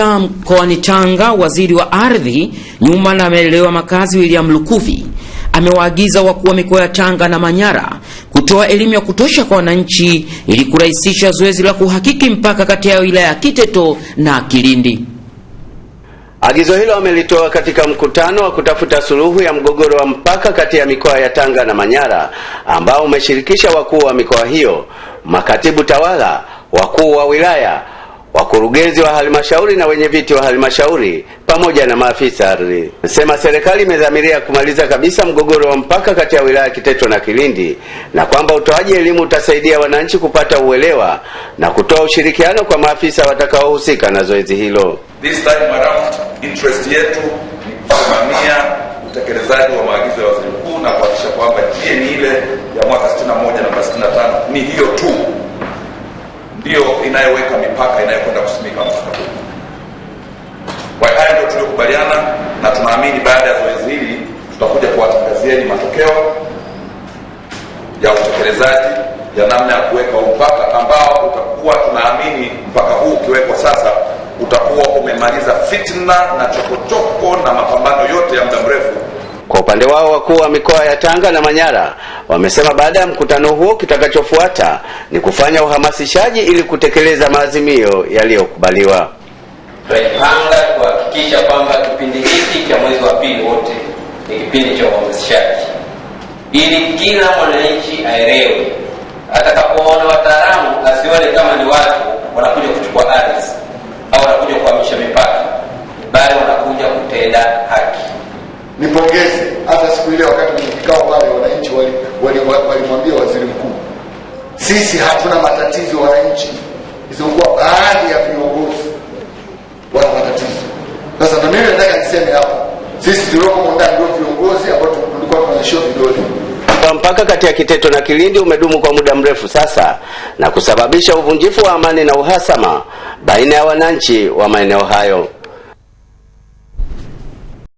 Aidha, mkoani Tanga, waziri wa ardhi, nyumba na maendeleo ya makazi William Lukuvi amewaagiza wakuu wa mikoa ya Tanga na Manyara kutoa elimu ya kutosha kwa wananchi ili kurahisisha zoezi la kuhakiki mpaka kati ya wilaya ya Kiteto na Kilindi. Agizo hilo amelitoa katika mkutano wa kutafuta suluhu ya mgogoro wa mpaka kati ya mikoa ya Tanga na Manyara ambao umeshirikisha wakuu wa mikoa hiyo, makatibu tawala, wakuu wa wilaya wakurugenzi wa halmashauri na wenyeviti wa halmashauri pamoja na maafisa ardhi. Sema serikali imedhamiria kumaliza kabisa mgogoro wa mpaka kati ya wilaya Kiteto na Kilindi na kwamba utoaji elimu utasaidia wananchi kupata uelewa na kutoa ushirikiano kwa maafisa watakaohusika na zoezi hilo. This time around interest yetu ni kusimamia utekelezaji wa maagizo ya waziri mkuu na kuhakikisha kwamba ni e ile ya mwaka 61 na 65 ni hiyo tu inayoweka mipaka inayokwenda kusimika huu Kwa haya ndio tuliyokubaliana, na tunaamini baada ya zoezi hili tutakuja kuwatangazieni matokeo ya utekelezaji ya namna ya kuweka huu mpaka ambao utakuwa tunaamini mpaka huu ukiwekwa sasa utakuwa umemaliza fitna na chokochoko na mapambano yote ya muda mrefu. Kwa upande wao wakuu wa mikoa ya Tanga na Manyara Wamesema baada ya mkutano huo kitakachofuata ni kufanya uhamasishaji ili kutekeleza maazimio yaliyokubaliwa. Tumepanga kuhakikisha kwamba kipindi hiki cha mwezi wa pili wote ni kipindi cha uhamasishaji ili kila mwananchi aelewe, atakapoona wataalamu asione kama ni watu wanakuja kuchukua ardhi au wanakuja kuhamisha mipaka, bali wanakuja kutenda haki. Nipongeze hata siku ile wakati kwenye kikao pale wananchi walimwambia wali, wali waziri mkuu, sisi hatuna matatizo wananchi, isipokuwa baadhi ya viongozi wana matatizo. Sasa na mimi nataka niseme hapa, sisi tulioko ndani ndio viongozi ambao tulikuwa tunanyoshiwa vidole kwa mpaka kati ya Kiteto na Kilindi umedumu kwa muda mrefu sasa na kusababisha uvunjifu wa amani na uhasama baina ya wananchi wa maeneo hayo.